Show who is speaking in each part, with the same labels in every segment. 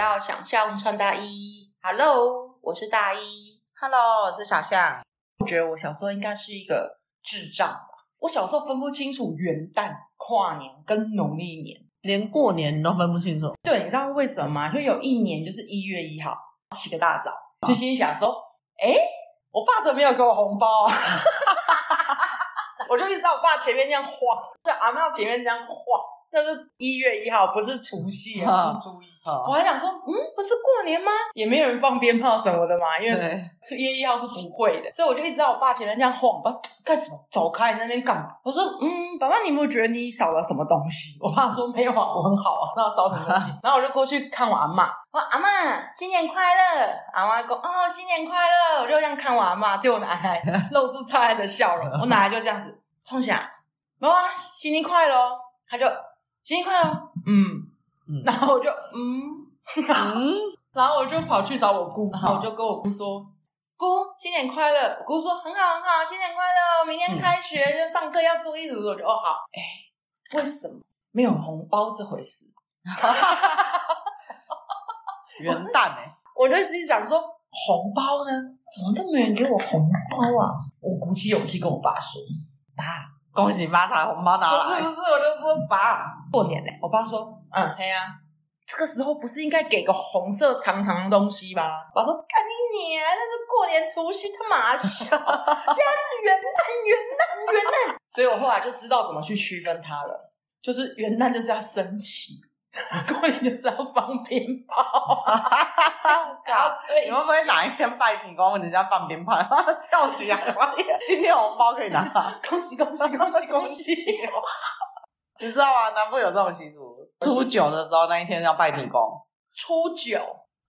Speaker 1: 要想象穿大衣，Hello，我是大 E。Hello，我是小象。我覺得我小時候應該是一個智障吧。我小時候分不清楚元旦、跨年跟農曆年，連過年你都分不清楚。對，你知道為什麼嗎？就有一年就是一月一號，起個大早，就心想說：“哎、欸，我爸怎麼沒有給我紅包？” 我就一直在我爸前面這樣晃，在阿媽前面這樣晃。那是一月一號，不是除夕，啊，嗯、除夕。Oh. 我還想說，嗯，不是過年嗎？也沒有人放鞭炮什麼的嘛，因為夜一號是不會的，對所以我就一直在我爸前面這樣晃，我幹什麼？走開！你在那邊幹嘛？我說，嗯，爸爸，你沒有覺得你少了什麼東西？我爸說沒有啊，我很好啊，那少什麼東西？ 然後我就過去看我阿媽，我說阿媽，新年快樂！阿媽說哦，新年快樂！我就這樣看我阿媽，對我奶奶露出燦爛的笑容， 我奶奶就這樣子衝起來，媽媽新年快樂！他就新年快樂， 嗯。嗯、然後我就嗯嗯，嗯然後我就跑去找我姑，好然後我就跟我姑說：“姑，新年快樂。”姑說：“很好很好，新年快樂！明天開學、嗯、就上課，要做一課，要注意很多就、哦、好。”哎，為什麼沒有紅包這回事？元旦哎，我就自己想說，紅包呢，怎麼都沒人給我紅包啊？我鼓起勇氣跟我爸說：“爸、啊，恭喜發財，紅包拿來！”是不是，我就說：“爸，過年嘞、欸。”我爸說。嗯，對呀、嗯，啊、這個時候不是應該給個紅色長長的東西吧？我說趕緊你，那是過年除夕，他媽的，現在是元旦元旦元旦，元旦，所以我後來就知道怎麼去區分它了，就是元旦就是要升旗，過年就是要放鞭炮。所以你們不會哪一天拜年光問人家放鞭炮，跳起來！ 今天紅包可以拿，恭喜恭喜恭喜恭喜！恭喜恭喜 你知道嗎？南部有這種習俗。初九的時候那一天要拜天公。初九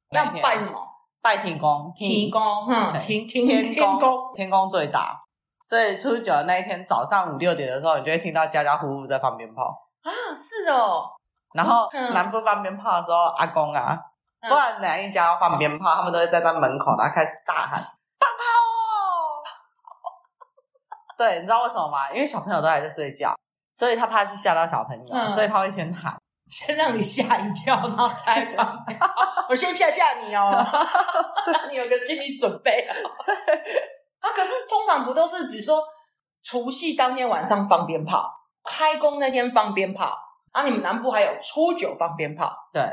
Speaker 1: 要拜什麼？拜天公。天公，天天天公，天公最大。所以初九的那一天早上五六點的時候，你就會聽到家家戶戶在放鞭炮。啊，是哦。然後，南部放鞭炮的時候，阿公啊，不管哪一家要放鞭炮，他們都會在那門口，然後開始大喊：放炮哦！對，你知道為什麼嗎？因為小朋友都還在睡覺，所以他怕去嚇到小朋友，所以他會先喊。先讓你嚇一跳，然後再放。 我先嚇嚇你哦， 讓你有個心理準備。 啊，可是通常不都是，比如說除夕當天晚上放鞭炮，開工那天放鞭炮，啊，你們南部還有初九放鞭炮。對，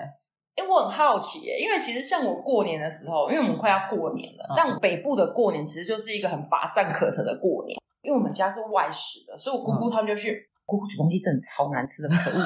Speaker 1: 因、欸、我很好奇、欸，因為其實像我過年的時候，因為我們快要過年了，嗯、但北部的過年其實就是一個很乏善可陳的過年，因為我們家是外食的，所以我姑姑他們就去、嗯。姑姑煮東西真的超難吃的，可惡！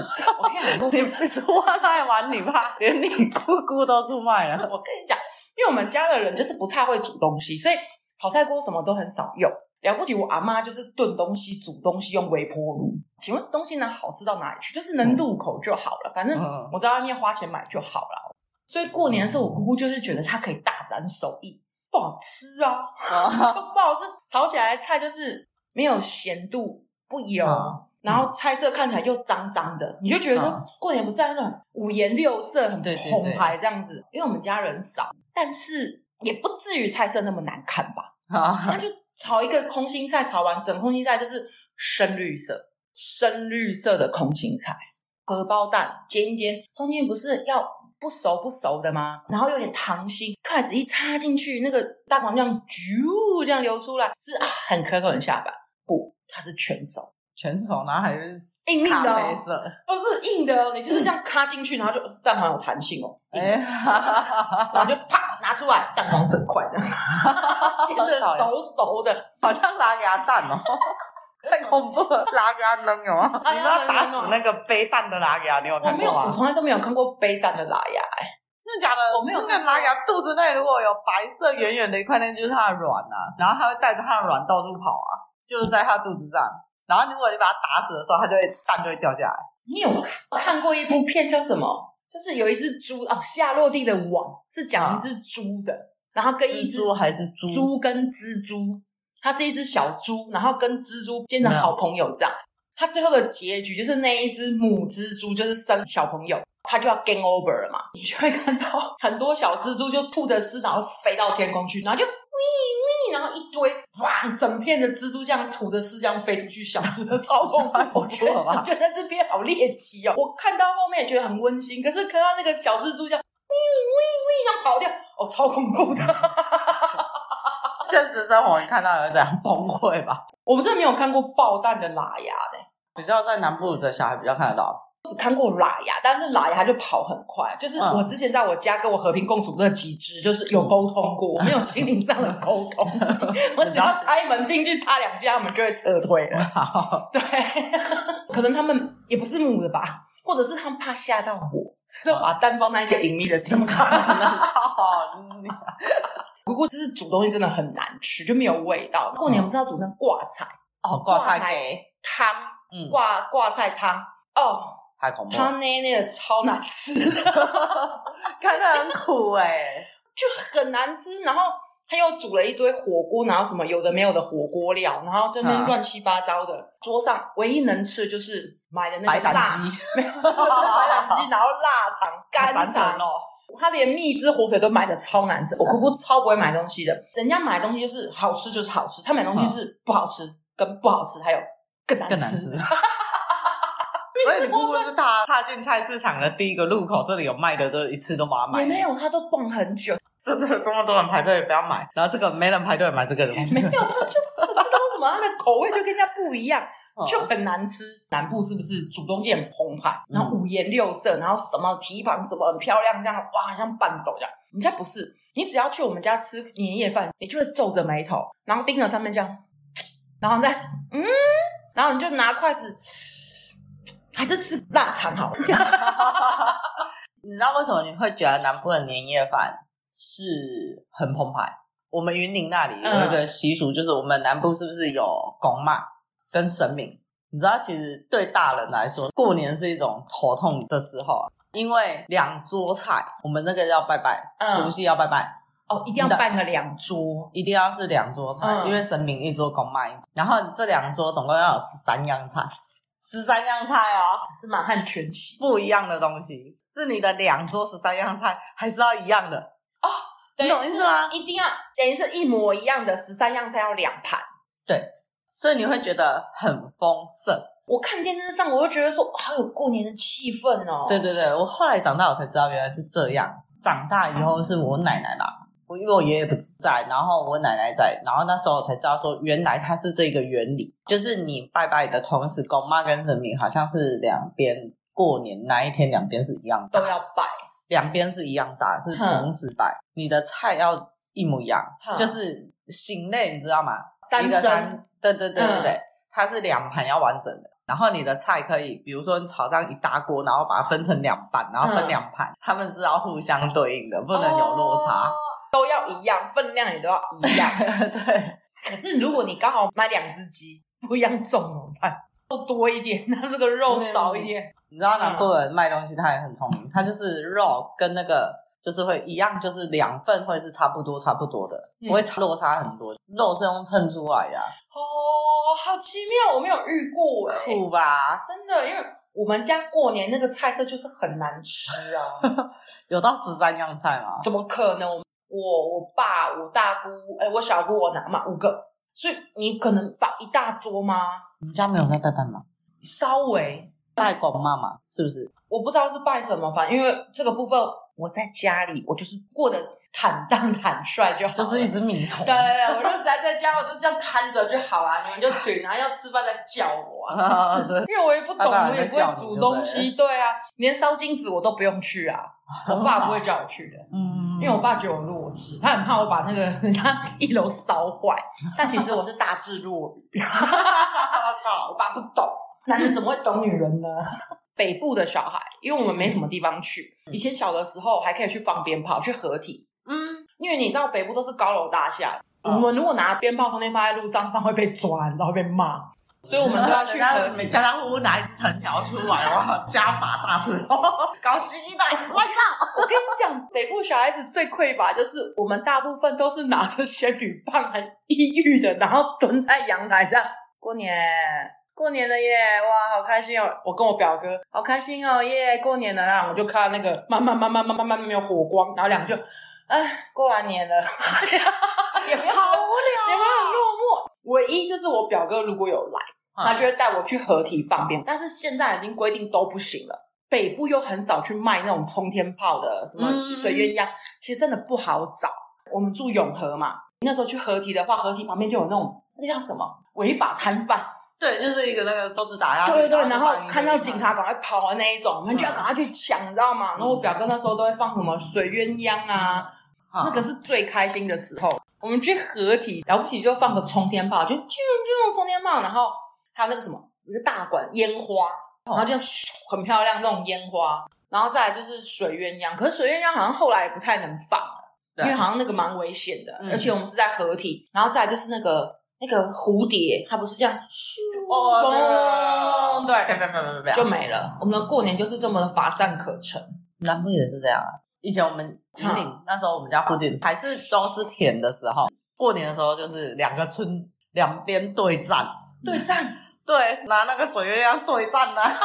Speaker 1: 你說外賣完，你怕連你姑姑都出賣了。 我跟你講，因為我們家的人就是不太會煮東西，所以炒菜鍋什麼都很少用。了不起我阿媽就是燉東西、煮東西用微波爐。嗯、請問東西能好吃到哪裡去？就是能入口就好了。反正我在外面花錢買就好了。所以過年的時候，嗯、我姑姑就是覺得她可以大展手藝，不好吃啊，啊就不好吃，炒起來的菜就是沒有鹹度，不油。啊然後菜色看起來又髒髒的，你就覺得說過年不是在那種五顏六色、很紅牌這樣子？因為我們家人少，但是也不至於菜色那麼難看吧？那就炒一個空心菜，炒完整空心菜就是深綠色，深綠色的空心菜，荷包蛋煎一煎，中間不是要不熟不熟的嗎？然後有點溏心，筷子一插進去，那個蛋黃就這樣流出來，是、啊、很可口的下飯。不，它是全熟。全是手拿還是硬硬的、哦？不是硬的哦，你就是這樣卡進去，然後就蛋黃、嗯、有彈性哦，哎、呀 然後就啪拿出來，蛋黃整塊的，煎 的熟熟的，好像狼牙蛋哦，太恐怖了！狼牙扔哦，你知道打死那個背蛋的狼牙，你有、啊啊？沒有，我從來都沒有看過背蛋的狼牙、欸，哎，真的假的？我沒有。看狼牙肚子內如果有白色圓圓的一塊，那就是它的卵啊，然後它會帶着它的卵到處跑啊，就是在它肚子上。嗯然後如果你把它打死的時候，它就會蛋就會掉下來。你有看，看過一部片叫什麼？就是有一隻豬哦，夏綠蒂的網是講一隻豬的，然後跟一隻豬還是豬，豬跟蜘蛛，它是一隻小豬，然後跟蜘蛛變成好朋友這樣。有它最後的結局就是那一隻母蜘蛛就是生小朋友，它就要 game over 了嘛，你就會看到很多小蜘蛛就吐着絲，然後飛到天空去，然後就。一堆哇，整片的蜘蛛這樣吐著絲這樣飛出去，小蜘蛛超恐怖。我覺得，我覺得這邊好獵奇哦。我看到後面也覺得很溫馨，可是看到那個小蜘蛛這樣，嗚嗚嗚，要跑掉，哦，超恐怖的。 現實生活，你看到有這樣崩潰吧？我真的沒有看過爆蛋的喇牙的，比較在南部的小孩比較看得到。我只看過喇牙，但是喇牙它就跑很快。就是我之前在我家跟我和平共處那幾隻，就是有溝通過，我沒有心靈上的溝通。 我只要開門進去，它兩邊我們就會撤退了。好對， 可能他們也不是母的吧，或者是他們怕嚇到我，知道 把蛋放在一個隱秘的地方。不過，就是煮東西真的很難吃，就沒有味道。過年不是要煮那刈菜哦，刈菜、菜、嗯、菜湯，刈刈菜湯哦。太恐怖！他那那的超難吃， 看着很苦哎、欸， 就很難吃。然後他又煮了一堆火鍋，然後什麼有的沒有的火鍋料，然後這邊亂七八糟的。嗯、桌上唯一能吃的就是買的那個白斬雞，白斬雞有， 然後臘腸、乾腸哦。他連蜜汁火腿都買的超難吃。我姑姑超不會買東西的，人家買東西就是好吃就是好吃，他買東西是不好吃跟、嗯、不好吃，還有更難吃。 如果是他踏進菜市場的第一個路口，這裡有賣的，這一次都把它買。也、欸、沒有，他都蹦很久。真的這麼多人排隊不要買，然後這個沒人排隊買這個東西、欸。沒有，他就不 知道為什麼，他的口味就跟人家不一樣，嗯、就很難吃。南部是不是煮東西很澎湃、嗯、然後五顏六色，然後什麼蹄膀什麼很漂亮，這樣哇，像辦桌這樣。人家不是，你只要去我們家吃年夜飯，你就會皺着眉頭，然後盯着上面這樣，然後再嗯，然後你就拿筷子。還是吃臘腸好。 你知道為什麼你會覺得南部的年夜飯是很澎湃？我們雲林那裡有一個習俗，就是我們南部是不是有公媽跟神明？你知道，其實對大人來說，過年是一種頭痛的時候、啊，因為兩桌菜，我們那個要拜拜，除夕、嗯、要拜拜哦，一定要辦個兩桌，一定要是兩桌菜，嗯、因為神明一桌，公媽一桌，然後這兩桌總共要有三樣菜。十三樣菜哦，是滿漢全席，不一樣的東西。是你的兩桌十三樣菜還是要一樣的哦？你懂意思嗎？一定要等於是一模一樣的十三樣菜要，要兩盤。對，所以你會覺得很豐盛。我看電視上，我就覺得說好有過年的氣氛哦。對對對，我後來長大，我才知道原來是這樣。長大以後是我奶奶啦。因為我爺爺不在，然後我奶奶在，然後那時候才知道說，原來它是這個原理，就是你拜拜你的同時，公媽跟神明好像是兩邊過年哪一天兩邊是一樣大，都要拜，兩邊是一樣大，是同時拜，嗯、你的菜要一模一樣，嗯、就是形類，你知道嗎？三牲個三，對對對對對，嗯、它是兩盤要完整的，然後你的菜可以比如說你炒上一大鍋，然後把它分成兩半，然後分兩盤，嗯、他們是要互相對應的，不能有落差。哦都要一樣，分量也都要一樣。 對，可是如果你剛好買兩隻雞，不一樣重怎麼辦？肉多一點，那這個肉少一點。 你知道南部人賣東西他也很聰明，嗯、他就是肉跟那個就是會一樣，就是兩份會是差不多差不多的，嗯、不會落差很多。肉是用秤出來的。哦，好奇妙，我沒有遇過哎、欸。酷吧，真的，因為我們家過年那個菜色就是很難吃啊。 有到十三樣菜嗎？怎麼可能？我我爸，我大姑，哎，我小姑，我拿嘛五個，所以你可能擺一大桌嗎？你們家沒有在拜拜嗎？稍微拜公媽，是不是？我不知道是拜什麼，反正因為這個部分我在家裡，我就是過得。坦蕩坦率就好，就是一隻米蟲。對我就宅在家，我就這樣癱着就好了、啊。你們就去，然後要吃飯再叫我。啊，對， 因為我也不懂，我也，也不會煮東西。你對，對啊，連燒金子我都不用去啊，我爸不會叫我去的。 嗯，因為我爸覺得我弱智，他很怕我把那個人家一樓燒壞。 但其實我是大智若愚。我、 啊、靠，我爸不懂，男人怎麼會懂女人呢？嗯、北部的小孩，因為我們沒什麼地方去，嗯、以前小的時候還可以去放鞭炮，去合體。因為你知道北部都是高樓大廈，呃、我們如果拿鞭炮、沖天炮放在路上放會被抓，然後會被罵，嗯、所以我們都要去拿家，你家，家家戶戶拿一支藤條出來哇， 家法大志、哦，高級一百萬上。 外套我跟你講， 北部小孩子最匱乏就是我們大部分都是拿着仙女棒，很抑鬱的，然後蹲在陽台這樣，過年，過年的耶，哇，好開心哦！我跟我表哥好開心哦耶，過年了啊，我就看那個慢慢慢慢慢慢慢慢沒有火光，然後兩個就。嗯哎，過完年了， 也沒有也沒好無聊。也沒有也沒落寞。唯一就是我表哥如果有來，他就會帶我去河堤放鞭。嗯、但是現在已經規定都不行了。北部又很少去賣那種沖天炮的，什麼水鴛鴦，嗯、其實真的不好找。我們住永和嘛，那時候去河堤的話，河堤旁邊就有那種，那叫什麼，違法攤販。對，就是一個那個桌子打壓，對對，然後看到警察趕快跑的那一種，我們、嗯、就要趕快去搶，你知道嗎？嗯、然後我表哥那時候都會放什麼水鴛鴦啊，好那個是最開心的時候。我們去合體， 了不起就放個沖天炮，就就就用沖天炮，然後還有那個什麼，一個大管煙花，然後就很漂亮那種煙花。然後再來就是水鴛鴦，可是水鴛鴦好像後來也不太能放了，對啊、因為好像那個蠻危險的，嗯、而且我們是在合體，然後再來就是那個。那個蝴蝶，它不是這樣咻，咻，嘣，對，別別別別就沒了。我們的過年就是這麼的乏善可陳。南部對、嗯那個，也是這樣啊。以前我們寧、嗯、那時候，我們家附近還是都是田的時候，過年的時候就是兩個村兩邊對戰，對戰，對，拿那個水月亮對戰哈、啊。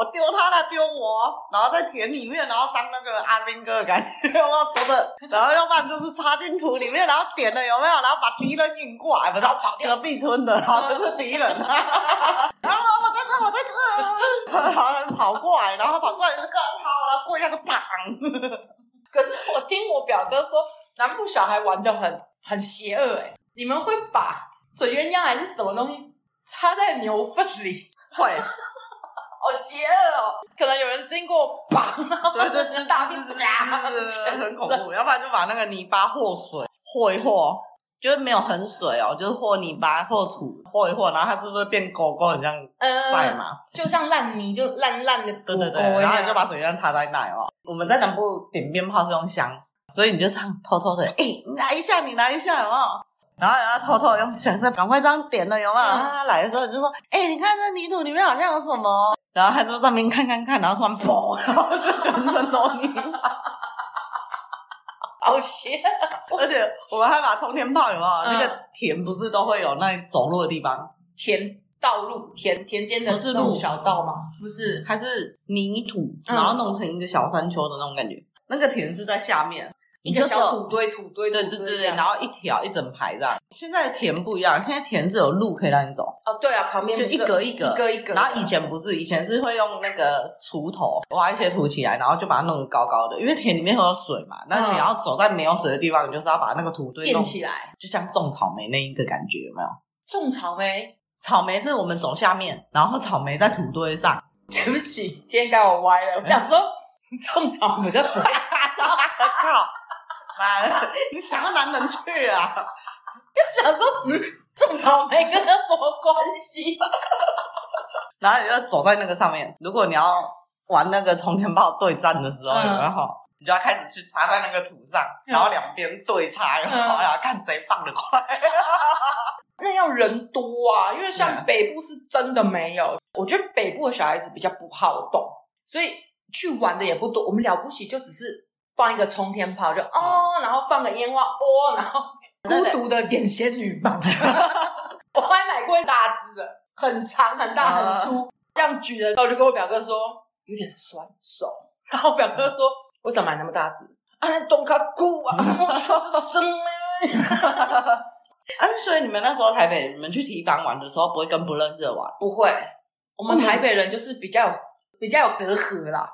Speaker 1: 我丟他了，他丟我，然後在田裡面，然後當那個阿兵哥的感覺，有沒有？接的然後要不然就是插進土裡面，然後點了有沒有？然後把敵人引過來，然後跑掉然後。隔壁村的，然後就是敵人啊。 然後我在這，我在這 然後跑過來，然後跑過來，然後跑過來，然後過一下就打。 可是我聽我表哥說，南部小孩玩得很很邪惡哎，你們會把水鴛鴦還是什麼東西插在牛糞裡？會。 好邪惡哦！Oh, yeah. 可能有人經過，把對對對，對，然後大便很恐怖。要不然就把那個泥巴和水和一和，就是沒有很水哦，就是和泥巴、和土和一和，然後它是不是變狗狗？很像樣，嗯，對嘛、呃、就像爛泥，就爛爛的。 對對對，然後你就把水這樣插在那哦？我們在南部點鞭炮是用香，所以你就這樣偷偷的，哎、欸，你拿一下，你拿一下，有沒有然後然後偷偷用繩子，趕快這樣點了，有沒有？然後他來的時候你就說，哎、欸，你看這泥土裡面好像有什麼？然後他就在上面看看看，然後突然嘣，然後就全身都泥，好邪！而且我們還把沖天炮，有沒有？嗯、那個田不是都會有那走路的地方？田道路田田間的不是路的小道嗎？不是，還是泥土，然後弄成一個小山丘的那種感覺。嗯、那個田是在下面。一個小土堆，土堆對對對對，然後一條一整排這樣。現在的田不一樣，現在田是有路可以讓你走。哦，對啊，旁邊就一格一格一格一格。然後以前不是，以前是會用那個鋤頭挖一些土起來，然後就把它弄得高高的，因為田裡面會有水嘛。那你要走在沒有水的地方，你就是要把那個土堆弄起來，就像種草莓那一個感覺，有沒有？種草莓，草莓是我們走下面，然後草莓在土堆上。對不起，今天剛好歪了，我想說種草莓哈哈，我靠！啊、你想要男人去啊？他講 說種草莓跟他什麼關係？ 然後你就走在那個上面。如果你要玩那個沖天炮對戰的時候，然後、嗯、你就要開始去插在那個土上，然後兩邊對插，然後、嗯、看誰放得快。 因為要人多啊，因為像北部是真的沒有。嗯、我覺得北部的小孩子比較不好動，所以去玩的也不多。我們了不起就只是。放一個沖天炮就、嗯、哦，然後放個煙花哦，然後孤獨的點仙女棒， 我還買過一大隻的，很長、很大、很粗，嗯、這樣舉的時候，我就跟我表哥說有點酸手，然後我表哥說：為什、嗯、麼買那麼大隻啊，東卡庫啊！嗯、 啊，所以你們那時候台北，你們去堤防玩的時候，不會跟不認識的玩？不會，我們台北人就是比較有、嗯、比較有隔閡啦。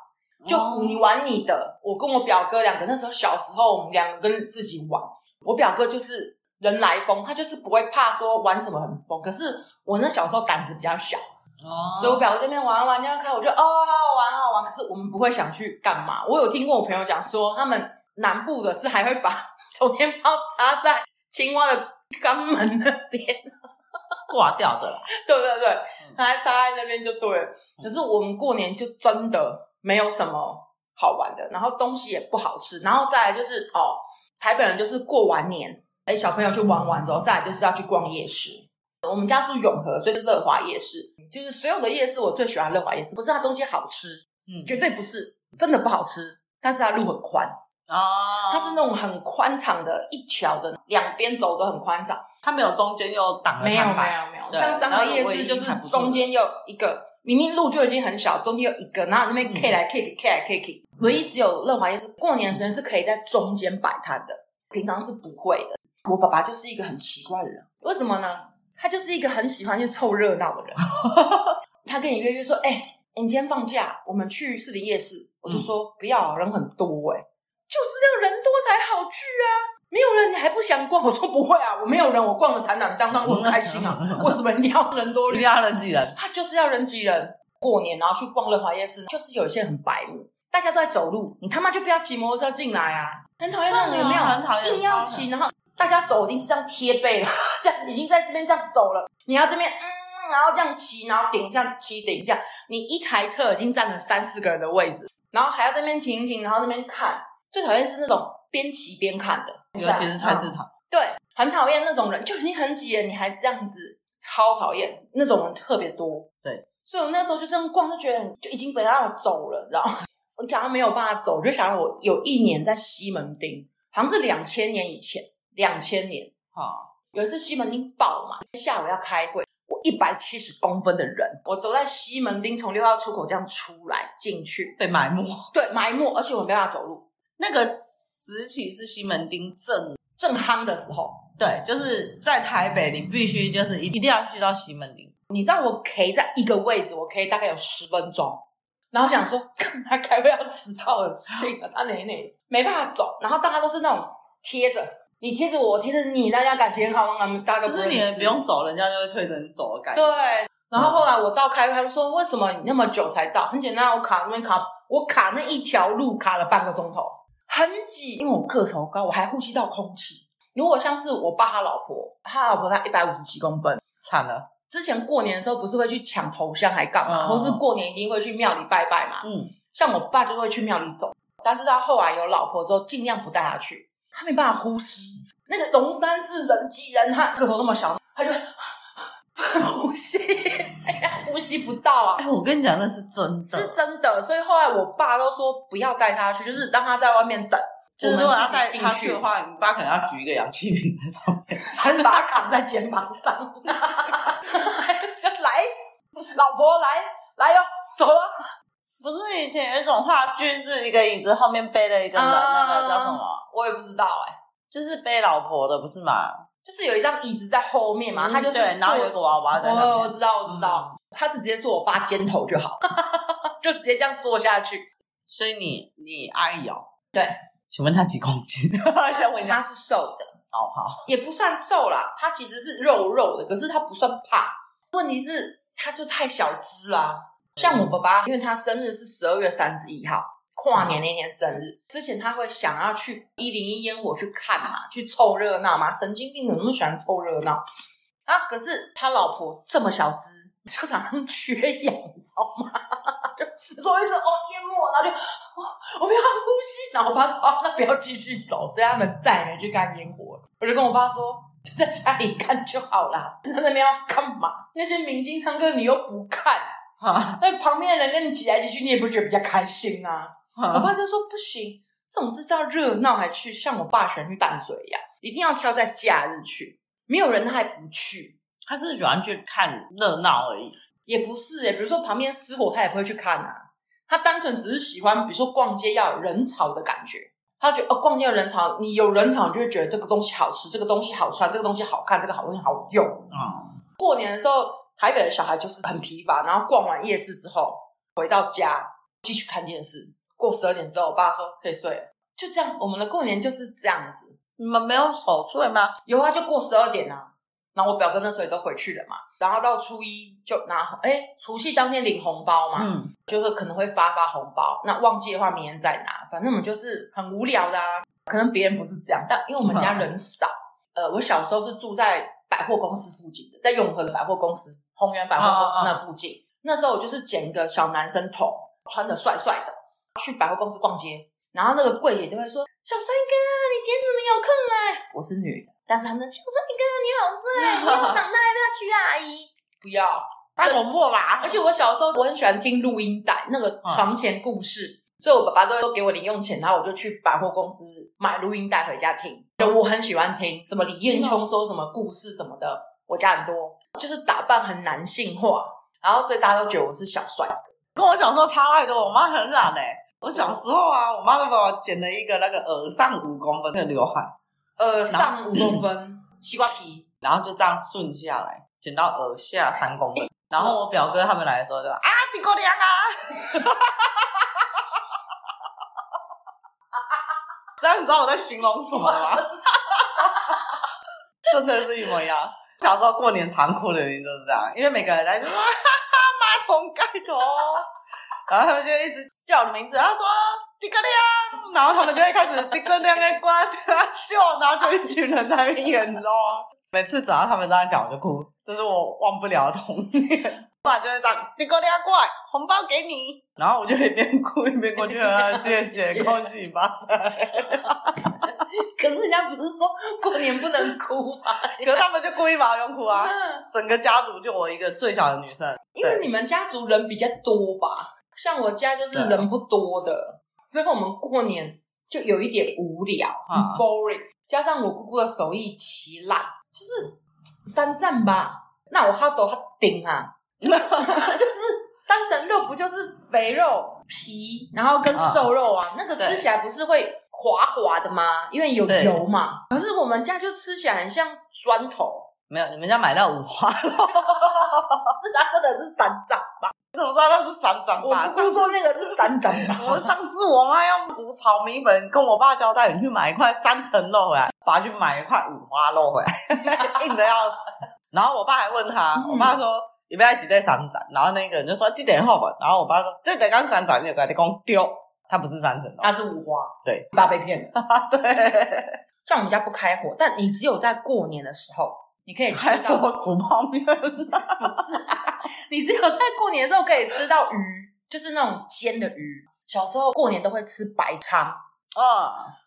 Speaker 1: 就你玩你的，我跟我表哥兩個那時候小時候，我們兩個跟自己玩。我表哥就是人來瘋，他就是不會怕說玩什麼很瘋。可是我那小時候膽子比較小，哦、所以我表哥這邊玩，啊，玩，你要看，我就哦，好玩，啊，好玩。可是我們不會想去幹嘛。我有聽過我朋友講說，他們南部的是還會把沖天炮插在青蛙的肛門那邊掛掉的啦。對對對，他還插在那邊就對了。可是我們過年就真的。沒有什麼好玩的，然後東西也不好吃，然後再來就是哦，台北人就是過完年，誒、欸、小朋友去玩玩之後，再來就是要去逛夜市。我們家住永和，所以是樂華夜市，就是所有的夜市我最喜歡樂華夜市，不是它東西好吃，嗯，絕對不是，真的不好吃，但是它路很寬啊，它是那種很寬敞的一條的，兩邊走都很寬敞。他沒有中間又擋，沒有沒有沒有，沒有沒有像三個夜市就是中間又一個，一明明路就已經很小，中間有一個，然後那邊 k 來 k、嗯、來 k 來 k，唯一只有樂華夜市過年的時間是可以在中間擺攤的，嗯、平常是不會的。我爸爸就是一個很奇怪的人，為什麼呢？他就是一個很喜歡去湊熱鬧的人。 他跟你約約說：“哎、欸，你今天放假，我們去士林夜市。嗯”我就說：“不要，人很多哎、欸，就是要人多才好去啊。”沒有人，你還不想逛？我說不會啊，我沒有人，我逛得坦坦蕩蕩，我很開心啊。 為什麼你要人多？你要人擠人？ 他就是要人擠人。過年然後去逛樂華夜市，就是有一些很白目，大家都在走路，你他媽就不要騎摩托車進來啊！很討厭那種有沒有？很討厭硬要騎，然後大家走已經是這樣貼背了，像已經在這邊這樣走了，你要這邊嗯，然後這樣騎，然後頂一下騎，頂一下，你一台車已經佔了三四個人的位置，然後還要這邊停一停，然後那邊看。最討厭是那種邊騎邊看的。尤其是菜市場，啊，對，很討厭那種人，就已經很擠了，你還這樣子，超討厭那種人特別多，對。所以我那時候就這樣逛，就覺得就已經不要讓我走了，知道嗎？我講到沒有辦法走，我就想到我有一年在西門町，好像是兩千年以前，兩千年，哈、啊，有一次西門町爆了嘛，下午要開會，我一百七十公分的人，我走在西門町從六號出口這樣出來進去，被埋沒，對，埋沒，而且我沒辦法走路，那個。只起是西門町正正夯的時候，對，就是在台北，你必須就是一定要去到西門町。你知道我卡在一個位置，我卡大概有十分鐘，然後想說，啊、他開會要遲到了、啊，他哪哪沒辦法走，然後大家都是那種貼着，你貼着我，貼着你，大家感情很好，然大家就，不就是你不用走，人家就會推着你走的感覺。對，然後後來我到開會，他說，為什麼你那麼久才到？很簡單，我卡那邊卡，我卡那一條路卡了半個鐘頭。很擠，因為我個頭高，我還呼吸到空氣。如果像是我爸他老婆，他老婆她一百五十幾公分，慘了。之前過年的時候不是會去搶頭香，還幹嘛，哦哦或是過年一定會去廟裡拜拜嘛。嗯，像我爸就會去廟裡走，但是他後來有老婆之後，儘量不帶他去，他沒辦法呼吸。那個龍山寺人擠人，他個頭那麼小，他就會。 呼吸，哎呀，呼吸不到啊！哎、欸，我跟你講，那是真的，是真的。所以後來我爸都說不要帶他去，就是讓他在外面等。就是如果要帶他去的話，你爸可能要舉一個氧氣瓶在上面，還是把他扛在肩膀上？ 就來，老婆，來來喲、哦，走了。不是以前有一種話劇，是一個椅子後面背了一個人，嗯、那個叫什麼？我也不知道哎、欸，就是背老婆的，不是嗎？就是有一張椅子在後面嘛，他就是、嗯、對，然後有一個娃娃在。我知道我知道，他、嗯、直接坐我爸肩頭就好， 就直接這樣坐下去。所以你你阿姨哦，對，請問他幾公斤？想 問一下，他是瘦的哦，好，也不算瘦啦，他其實是肉肉的，可是他不算胖，問題是他就太小只啦。嗯、像我爸爸，因為他生日是十二月三十一號。跨年那天生日之前，他會想要去一零一煙火去看嘛，去湊熱鬧嘛。神經病，那麼喜歡湊熱鬧？啊，可是他老婆這麼小隻，就常常缺氧，你知道嗎？就所以說哦，淹沒，然後就我，我不要呼吸。然後我爸說：“啊、那不要繼續走，所以他們再也沒去看煙火。”我就跟我爸說：“就在家裡看就好了，那在那邊要幹嘛？那些明星唱歌你又不看啊？那旁邊的人跟你擠來擠去，你也不覺得比較開心啊？”啊、我爸就說不行，這種事是要熱鬧。還去像我爸喜歡去淡水一樣，一定要挑在假日去，沒有人他還不去，他是，是喜歡去看熱鬧而已。也不是哎、欸，比如說旁邊失火他也不會去看啊。他單純只是喜歡，比如說逛街要有人潮的感覺，他就覺得哦、呃，逛街有人潮，你有人潮，你就會覺得這個東西好吃，嗯、這個東西好穿，這個東西好看，這個好東西好用啊。嗯、過年的時候，台北的小孩就是很疲乏，然後逛完夜市之後回到家繼續看電視。過十二點之後，我爸說可以睡了，就這樣，我們的過年就是這樣子。你們沒有守歲嗎？有啊，就過十二點啊。然後我表哥那時候也都回去了嘛。然後到初一就拿，哎、欸，除夕當天領紅包嘛，嗯、就是可能會發發紅包。那忘記的話，明天再拿。反正我們就是很無聊的啊。可能別人不是這樣，但因為我們家人少，嗯、呃，我小時候是住在百貨公司附近的，在永和百貨公司、宏源百貨公司那附近。哦哦哦，那時候我就是撿一個小男生頭，穿的帥帥的。去百貨公司逛街，然後那個櫃姐就會說：“小帥哥，你今天怎麼有空來、啊？”我是女的，但是他們小帥哥你好帥、啊，你以後 長大要不要娶阿姨？不要，太恐怖吧。而且我小時候我很喜歡聽錄音帶，那個床前故事，嗯、所以我爸爸都會說給我零用錢，然後我就去百貨公司買錄音帶回家聽。就我很喜歡聽什麼李燕秋說什麼故事什麼的。我家很多，就是打扮很男性化，然後所以大家都覺得我是小帥哥。跟我小時候差太多。我媽很懶哎、欸。我小時候啊，我媽都把我剪了一個那個耳上五公分的劉海，耳、呃、然後上五公分、嗯、西瓜皮，然後就這樣順下來，剪到耳下三公分。欸、然後我表哥他們來的時候就說啊，你過年啊！ 這樣你知道我在形容什麼嗎？哇塞 真的是一模一樣。小時候過年殘酷的原因就是這樣，因為每個人來就說哈哈，馬桶蓋頭。啊然後他們就一直叫我的名字，他說“迪哥亮”，然後他們就會開始“迪哥亮”在掛，然他笑，然後就一群人在那邊演咯。每次只要他們這樣講，我就哭，這是我忘不了的童年。突然就會講“迪哥亮”怪，紅包給你，然後我就一邊哭一邊過去說：“謝謝，恭喜發財。”可是人家不是說過年不能哭嗎？可是他們就故意把，我用哭啊！整個家族就我一個最小的女生，因為你們家族人比較多吧？像我家就是人不多的。之後對我們過年就有一點無聊，哈、uh, boring。加上我姑姑的手藝奇爛，就是三層吧，那我好多它頂啊，就是三層肉不就是肥肉皮，然後跟瘦肉啊，uh, 那個吃起來不是會滑滑的嗎？因為有油嘛。對可是我們家就吃起來很像磚頭，沒有你們家買到五花肉。 哦、是、啊，他真的是三層吧？你怎麼知道那是三層？我不說那個是三層吧？我上次我媽用煮炒米粉，跟我爸交代，你去買一塊三層肉回來，爸去買一塊五花肉回來， 硬的要死。然後我爸還問他，嗯、我爸說你不要擠在三層，然後那個人就說幾點後吧。然後我爸說這得剛三層，你就趕你跟丟，他不是三層，他是五花，對，爸被騙了， 對。像我們家不開火，但你只有在過年的時候。你可以吃到骨泡面不是啊，你只有在過年的時候可以吃到魚，就是那種煎的魚。小時候過年都會吃白鲳，啊，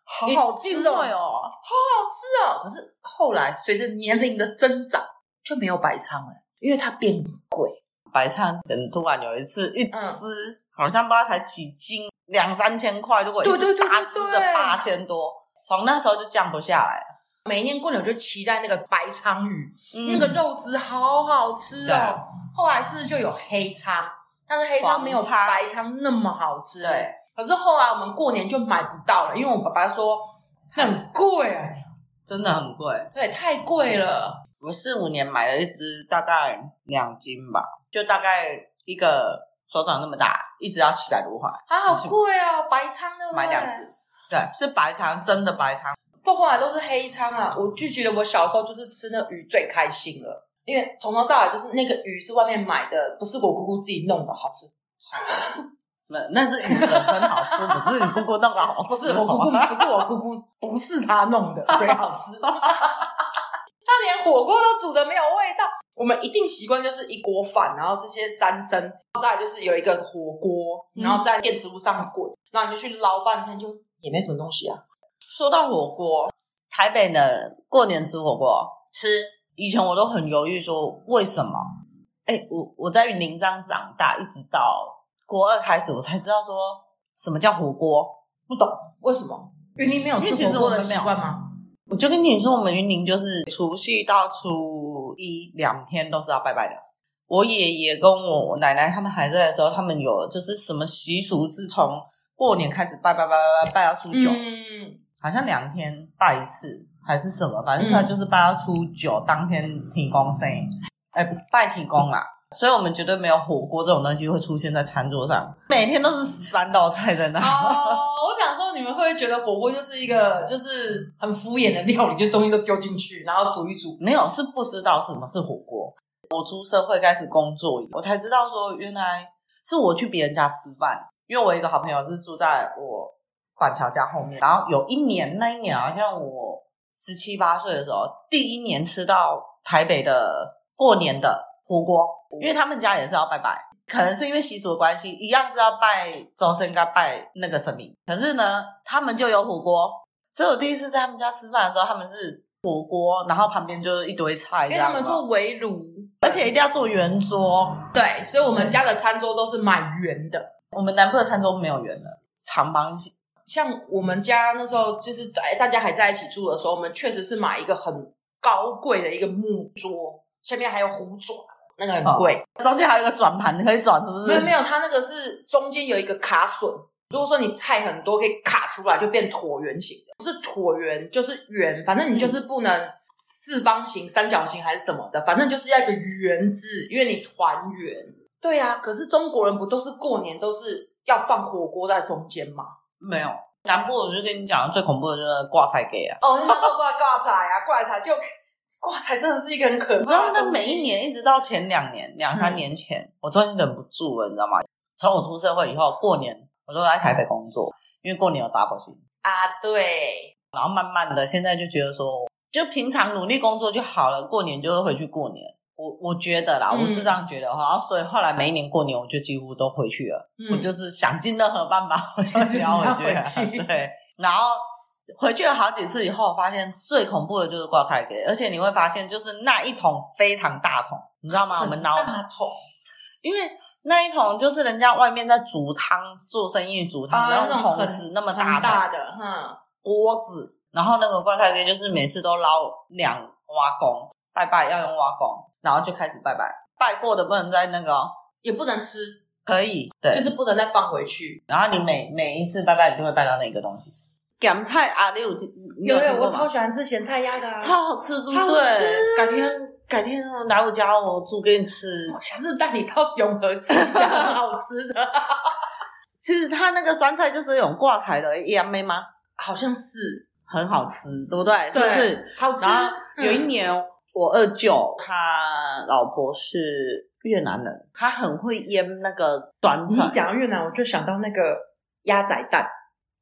Speaker 1: 好好吃哦，好好吃哦。可是後來隨着年齡的增長，就沒有白鲳了，因為它變貴。白鲳可能突然有一次一只、嗯、好像不知道才幾斤，兩三千塊都會，如果一的對,對,對對對對，八只的八千多，從那時候就降不下來了。每一年過年我就期待那個白鯧魚，嗯、那個肉質好好吃哦。對後來是不是就有黑鯧？但是黑鯧沒有白鯧那麼好吃哎、嗯。可是後來我們過年就買不到了，嗯、因為我爸爸說它很貴哎，真的很貴、嗯，對，太貴了、嗯。我四五年買了一隻，大概兩斤吧，就大概一個手掌那麼大，一隻要七百多塊，它、啊、好貴哦，白鯧的。買兩隻，對，是白鯧，真的白鯧。做後來都是黑倉啊，我拒絕了，我小時候就是吃那魚最開心了，因為從頭到尾就是那個魚是外面買的，不是我姑姑自己弄的，好吃。好吃 那是魚本身好吃的，不 是你姑姑弄的好吃的。不是我姑姑，不是我姑姑， 不是我姑姑，不是他弄的，所以好吃。 他連火鍋都煮的沒有味道。我們一定習慣就是一鍋飯，然後這些三牲，大概就是有一個火鍋，然後在電磁爐上滾，嗯、然後你就去撈半天，你看就也沒什麼東西啊。說到火鍋，台北的過年吃火鍋吃，以前我都很猶豫，說為什麼？哎，我我在雲林這樣長大，一直到國二開始，我才知道說什麼叫火鍋，不懂為什麼。雲林沒有吃火鍋因為我的習慣嗎？我，我就跟你說，我們雲林就是除夕到初一兩天都是要拜拜的。我爺爺跟我奶奶他們還在的時候，他們有就是什麼習俗，自從過年開始拜拜拜拜拜到初九。嗯好像兩天拜一次還是什麼，反正他就是八月初九、嗯、當天提供事，哎，拜提供啦。所以，我們絕對沒有火鍋這種東西會出現在餐桌上，每天都是三道菜在那、哦。我想說你們會不會覺得火鍋就是一個就是很敷衍的料理，就東西都丟進去然後煮一煮，沒有，是不知道什麼是火鍋。我出社會開始工作，我才知道說原來是我去別人家吃飯，因為我一個好朋友是住在我。板橋家後面，然後有一年那一年，好像我十七八歲的時候，第一年吃到台北的過年的火鍋，因為他們家也是要拜拜，可能是因為習俗的關係，一樣是要拜，周生應該拜那個神明，可是呢，他們就有火鍋，所以我第一次在他們家吃飯的時候，他們是火鍋，然後旁邊就是一堆菜，因為他們說圍爐，有有而且一定要做圓桌，嗯、對，所以我們家的餐桌都是買圓的，我們南部的餐桌沒有圓的，長方形。像我們家那時候，就是哎，大家還在一起住的時候，我們確實是買一個很高貴的一個木桌，下面還有虎爪，那個很貴。哦，中間還有一個轉盤，你可以轉，是不是？沒有，沒有，它那個是中間有一個卡榫，如果說你菜很多，可以卡出來，就變橢圓形的，不是橢圓，就是圓，反正你就是不能四方形、三角形還是什麼的，反正就是要一個圓字，因為你團圓。對呀，啊，可是中國人不都是過年都是要放火鍋在中間嗎？沒有，南部我就跟你講，最恐怖的就是刈菜雞啊！哦、oh，刈刈刈菜啊，刈菜就刈菜，真的是一個很可怕。真那每一年一直到前兩年、兩三年前，嗯、我終於忍不住了，你知道嗎？從我出社會以後，過年我都在台北工作，因為過年有 double 薪啊。對。然後慢慢的，現在就覺得說，就平常努力工作就好了，過年就會回去過年。我我覺得啦，我是這樣覺得，然後、嗯、所以後來每一年過年我就幾乎都回去了，嗯、我就是想盡任何辦法，就我了就回去。對，然後回去了好幾次以後，發現最恐怖的就是刈菜雞。而且你會發現，就是那一桶非常大桶，你知道嗎？我們撈很大桶，因為那一桶就是人家外面在煮湯做生意煮湯用、啊、種桶子，很那麼大大的，嗯，鍋子，然後那個刈菜雞就是每次都撈兩碗公，嗯、拜拜要用碗公。然後就開始拜拜，拜過的不能再那個哦，也不能吃，可以，對，就是不能再放回去。然後你每每一次拜拜，你都會拜到那個東西。鹹菜啊，你有，有，我超喜歡吃鹹菜鴨的，超好吃，對不對？改天改天來我家，我煮給你吃。下次帶你到永和吃，很好吃的。其實他那個酸菜就是種刈菜的，E M A 嗎？好像是，很好吃，對不對？對，好吃。然後有一年。我二舅他老婆是越南人，他很會醃那個刈菜。你一講到越南，我就想到那個鴨仔蛋。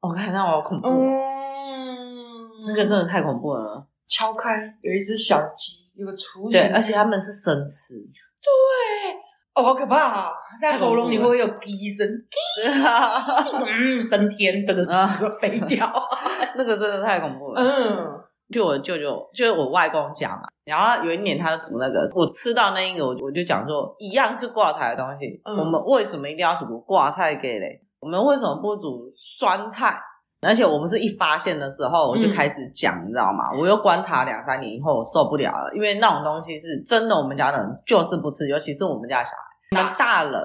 Speaker 1: Okay, 那我看那好恐怖，嗯、那個真的太恐怖了。敲開有一只小雞，有個雛形，對，而且他們是生吃。對，哦，好可怕，哦，在喉嚨裡會不會有雞聲？ 嗯，升天的啊，這個，飛掉， 那個真的太恐怖了。嗯就就，就我舅舅，就是我外公講嘛然後有一年他煮那個，我吃到那一個我，我我就講說，一樣是刈菜的東西，嗯、我們為什麼一定要煮刈菜雞嘞？我們為什麼不煮酸菜？而且我們是一發現的時候我就開始講，嗯、你知道嗎？我又觀察兩三年以後，我受不了了，因為那種東西是真的，我們家人就是不吃，尤其是我們家小孩，那打大人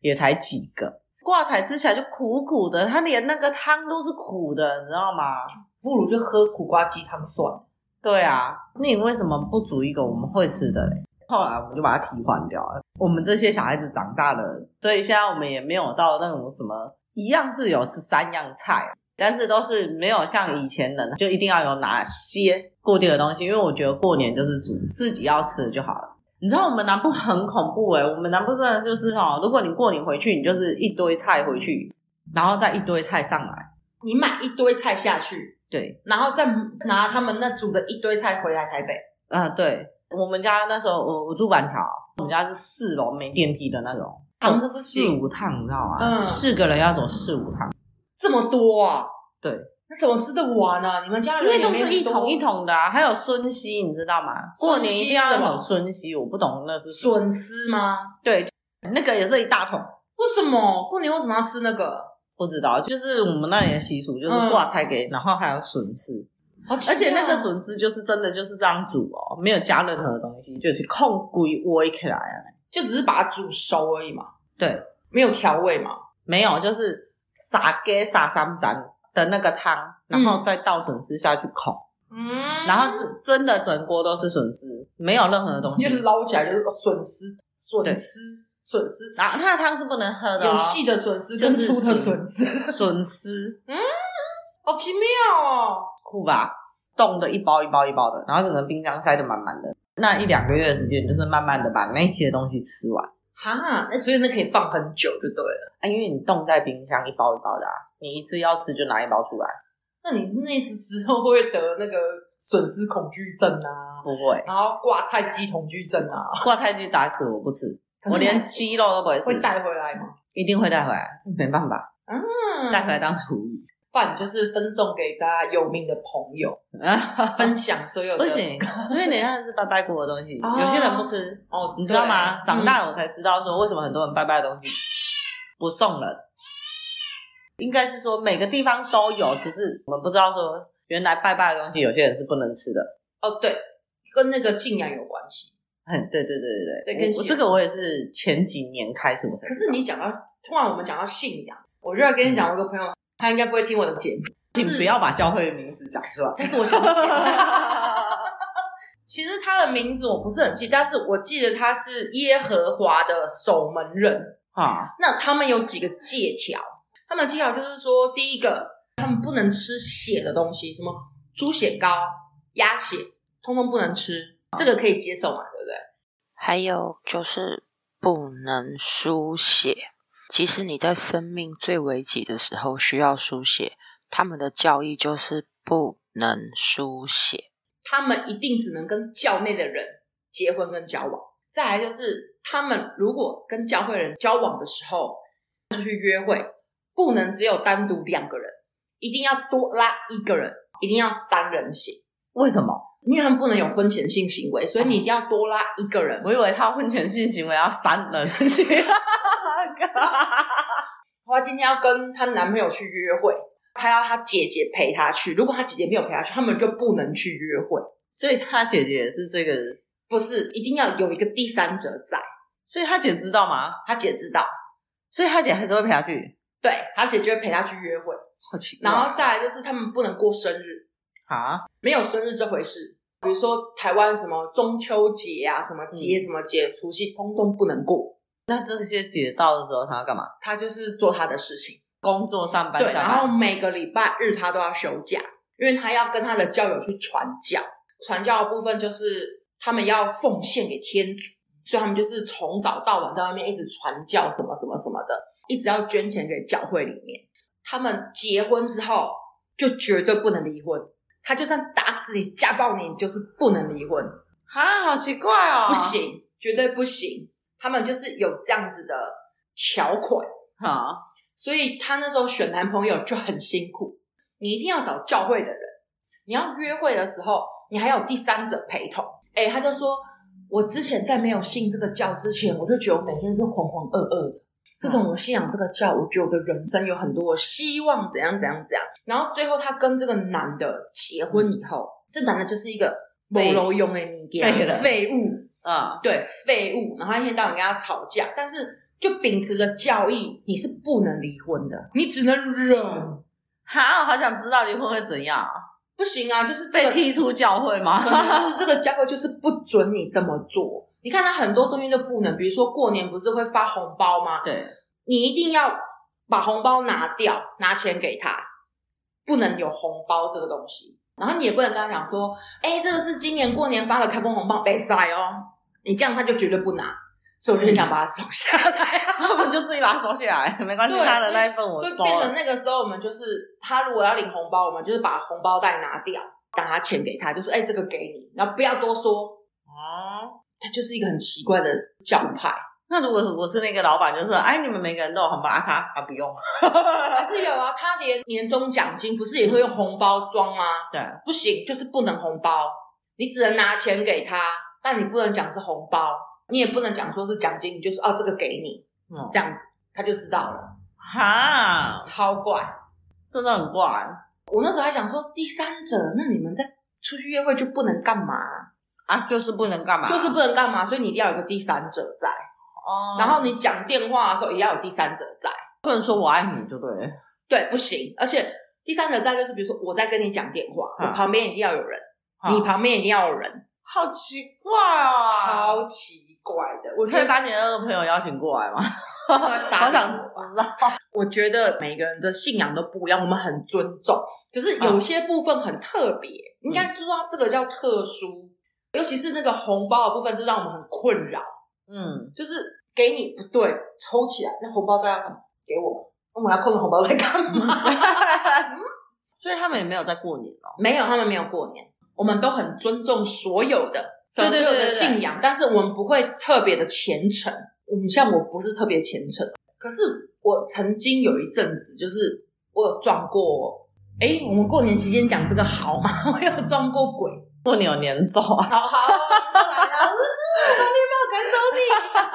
Speaker 1: 也才幾個刈菜，吃起來就苦苦的，他連那個湯都是苦的，你知道嗎？不如就喝苦瓜雞湯算了。對啊，那你為什麼不煮一個我們會吃的嘞？後來我就把它替換掉了。我們這些小孩子長大了，所以現在我們也沒有到那種什麼一樣自由，是三樣菜，但是都是沒有像以前人，就一定要有哪些固定的東西。因為我覺得過年就是煮自己要吃的就好了。你知道我們南部很恐怖哎、欸，我們南部真的就是哈、哦，如果你過年回去，你就是一堆菜回去，然後再一堆菜上來，你買一堆菜下去。對，然後再拿他們那煮的一堆菜回來台北。啊、呃，對，我們家那時候我我住板橋，我們家是四樓沒電梯的那種，我們是四五趟，你知道嗎？嗯，四個人要走四五趟，這麼多啊？對，那怎麼吃得完呢？啊。你們家人因為就是一桶一桶的啊，啊還有筍絲，你知道嗎？啊、過年一定要有筍絲，我不懂那是筍絲嗎？對，那個也是一大桶，為什麼過年為什麼要吃那個？不知道，就是我們那裡的習俗，就是刈菜雞。嗯、然後還有筍絲，好像而且那個筍絲就是真的就是這樣煮哦，沒有加任何東西，就是控窩一鍋起來的，就只是把它煮熟而已嘛。對，沒有調味嘛？嗯、沒有，就是撒給撒三盞的那個湯，然後再倒筍絲下去控，嗯，然後真的整鍋都是筍絲，沒有任何的東西，撈起來就是筍絲，筍絲。筍絲，然啊，它的湯是不能喝的，哦，有細的筍絲，就跟粗的筍絲。筍絲，絲嗯，好奇妙哦，酷吧？凍的一包一包一包的，然後整個冰箱塞的滿滿的，那一兩個月的時間，就是慢慢的把那些東西吃完哈那、啊、所以那可以放很久就對了啊？因為你凍在冰箱一包一包的，啊，你一次要吃就拿一包出來。那你那次吃會得那個筍絲恐懼症啊？不會，然後刈菜雞恐懼症啊？刈菜雞打死我不吃。我連雞肉都不會吃。會帶回來嗎？一定會帶回來，沒辦法。嗯，帶回來當廚餘。不然就是分送給大家有名的朋友，分享所有。不行，因為人家是拜拜過的東西，有些人不吃。哦，你知道嗎？長大了我才知道說，為什麼很多人拜拜的東西不送人。應該是說每個地方都有，只是我們不知道說，原來拜拜的東西，有些人是不能吃的。哦，對，跟那個信仰有關係。嗯，對對對對對，對跟我這個我也是前幾年開始我才。可是你講到突然我們講到信仰，我就要跟你講，我一個朋友，嗯、他應該不會聽我的節目，請是不要把教會的名字講是吧？但是我想講， 其實他的名字我不是很記，但是我記得他是耶和華的守門人哈。啊、那他們有幾個戒條？他們的戒條就是說，第一個，他們不能吃血的東西，什麼豬血糕、鴨血，通通不能吃。這個可以接受嗎？還有就是不能輸血。其實你在生命最危急的時候需要輸血，他們的教義就是不能輸血。他們一定只能跟教內的人結婚跟交往。再來就是，他們如果跟教會人交往的時候要出去約會，不能只有單獨兩個人，一定要多拉一個人，一定要三人行。為什麼？因為他們不能有婚前性行為，所以你一定要多拉一個人。嗯、我以為他婚前性行為要三人哈。她 今天要跟她男朋友去約會，她要她姐姐陪她去。如果她姐姐沒有陪她去，他們就不能去約會。所以她姐姐是這個？不是，一定要有一個第三者在。所以她姐知道嗎？她姐知道，所以她姐還是會陪她去。對，她姐就會陪她去約會。好奇妙啊。然後再來就是他們不能過生日啊，沒有生日這回事。比如說台灣什麼中秋節啊，什麼節什麼節除夕，通通、嗯、不能過。那這些節到的時候，他要幹嘛？他就是做他的事情，工作上班下班。對，然後每個禮拜日他都要休假，因為他要跟他的教友去傳教。傳、嗯、教的部分就是他們要奉獻給天主，所以他們就是從早到晚在外面一直傳教，什麼什麼什麼的，一直要捐錢給教會裡面。他們結婚之後就絕對不能離婚。他就算打死你，家暴你，你就是不能離婚。啊，好奇怪哦！不行，絕對不行。他們就是有這樣子的條款哈，啊、所以他那時候選男朋友就很辛苦。你一定要找教會的人，你要約會的時候，你還有第三者陪同。誒、欸，他就說，我之前在沒有信這個教之前，我就覺得我每天是渾渾噩噩的。自從我信仰這個教，我覺得我的人生有很多我希望怎樣怎樣怎樣。然後最後他跟這個男的結婚以後，這男的就是一個沒路用的、廢物啊，廢物嗯、對，廢物。然後一天到晚跟他吵架，嗯、但是就秉持着教義，你是不能離婚的，你只能忍。好好想知道離婚會怎樣？不行啊，就是、這個、被踢出教會嘛。但是 這個教會就是不准你這麼做。你看他很多東西都不能，比如說過年不是會發紅包嗎？對，你一定要把紅包拿掉，拿錢給他，不能有紅包這個東西。然後你也不能跟他講說，哎、欸，這個是今年過年發的開封紅包，被塞哦。你這樣他就絕對不拿，所以我就想把它收下來，我們、嗯、 就自己把它收下來， 沒關係係，對以他的那份我收了，就變成那個時候我們就是，他如果要領紅包，我們就是把紅包袋拿掉，拿錢給他，就說，誒、欸、這個給你，然後不要多說。他就是一個很奇怪的獎牌。嗯、那如果我是那個老闆，就是哎，你們每個人都很幫他啊，啊，啊，不用， 還是有啊。他連年終獎金不是也是會用紅包裝嗎？嗯、對，不行，就是不能紅包，你只能拿錢給他，但你不能講是紅包，你也不能講說是獎金，你就說哦、啊，這個給你，嗯、這樣子他就知道了。哈，超怪，真的很怪。我那時候還想說，第三者，那你們在出去約會就不能幹嘛？啊，就是不能幹嘛，就是不能幹嘛，所以你一定要有個第三者在哦。然後你講電話的時候也要有第三者在，不能說我愛你，就對，對，不行。而且第三者在就是，比如說我在跟你講電話，我旁邊一定要有人，你旁邊一定要有人。好奇怪哦。超奇怪的。我可以把你那個朋友邀請過來嗎？好想知道。我覺得每個人的信仰都不一樣，我們很尊重，可是有些部分很特別，應該知道這個叫特殊。尤其是那個紅包的部分，就讓我們很困擾。嗯，就是給你不對，抽起來那紅包都要給我們，我們要扣個紅包來幹嘛？嗯、 所以他們也沒有在過年哦，沒有，他們沒有過年。嗯、我們都很尊重所有的、嗯、所有的信仰，嗯、但是我們不會特別的虔誠。你、嗯、像我不是特別虔誠，可是我曾經有一陣子就是我有撞過，哎，我們過年期間講這個好嗎？ 我有撞過鬼。過年有年獸啊！好好好，來了！我沒有感受，你。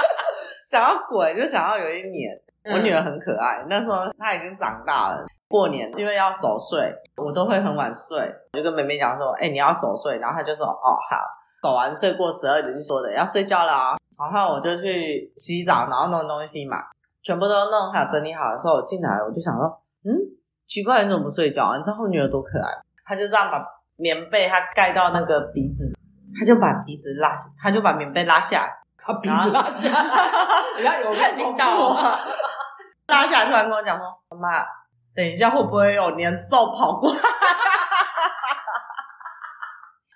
Speaker 1: 想要鬼，就想要有一年，嗯、我女兒很可愛。那時候她已經長大了，過年因為要守歲，我都會很晚睡。我就跟妹妹講說：“哎、欸，你要守歲。”然後她就說：“哦，好。”守完睡過十二點就說的：“的要睡覺了啊。”然後我就去洗澡，然後弄東西嘛，全部都弄好整理好的時候，我進來我就想說嗯，奇怪，你怎麼不睡覺啊？”你知道我女兒多可愛，她就這樣把。棉被他，蓋到那個鼻子，他就把鼻子拉，他就把棉被拉下來，把鼻子拉下，人家有看到，拉下突然跟我講說：“媽，等一下會不會有年獸跑過？”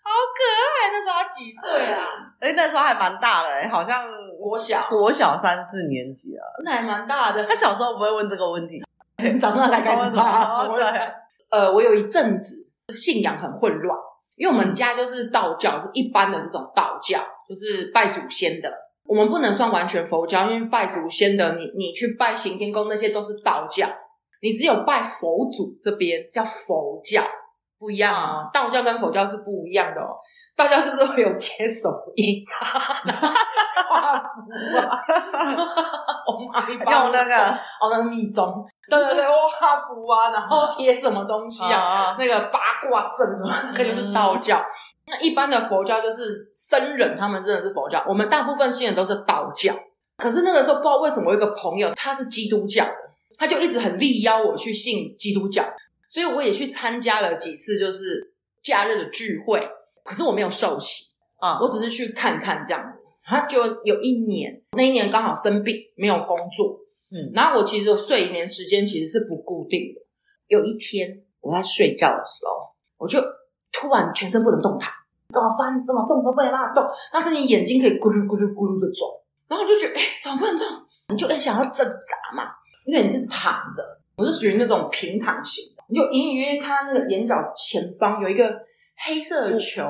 Speaker 1: 好可愛！那時候他幾歲啊？哎，那時候還蠻大的，好像我小，我小三四年級啊，那還蠻大的。他小時候不會問這個問題，你長大才開始問、啊，呃、我有一陣子。信仰很混亂，因為我們家就是道教，是一般的這種道教，就是拜祖先的。我們不能算完全佛教，因為拜祖先的，你你去拜行天宮那些都是道教，你只有拜佛祖這邊叫佛教，不一樣啊，道教跟佛教是不一樣的哦。道教就是會有切手印哈哈哈然後畫符啊哈哈我買包。要、 oh、my 那個哦那個密宗。 對對對畫符啊然後，然後貼什麼東西啊，啊，啊那個八卦陣啊，那肯定是道教。嗯、那一般的佛教就是僧人他們真的是佛教，我們大部分信的都是道教。可是那個時候不知道為什麼，我有一個朋友，他是基督教，他就一直很力邀我去信基督教。所以我也去參加了幾次，就是假日的聚會。可是我沒有受洗啊，我只是去看看這樣子。然後就有一年，那一年剛好生病，沒有工作。嗯，然後我其實睡眠時間其實是不固定的。有一天我在睡覺的時候，我就突然全身不能動彈，怎麼翻，怎麼動都不能拉動。但是你眼睛可以咕嚕咕嚕咕嚕的走。然後我就覺得，哎、欸，怎麼不能動？你就很想要掙扎嘛，因為你是躺着，我是屬於那種平躺型的，你就隱隱約約看那個眼角前方有一個。黑色的球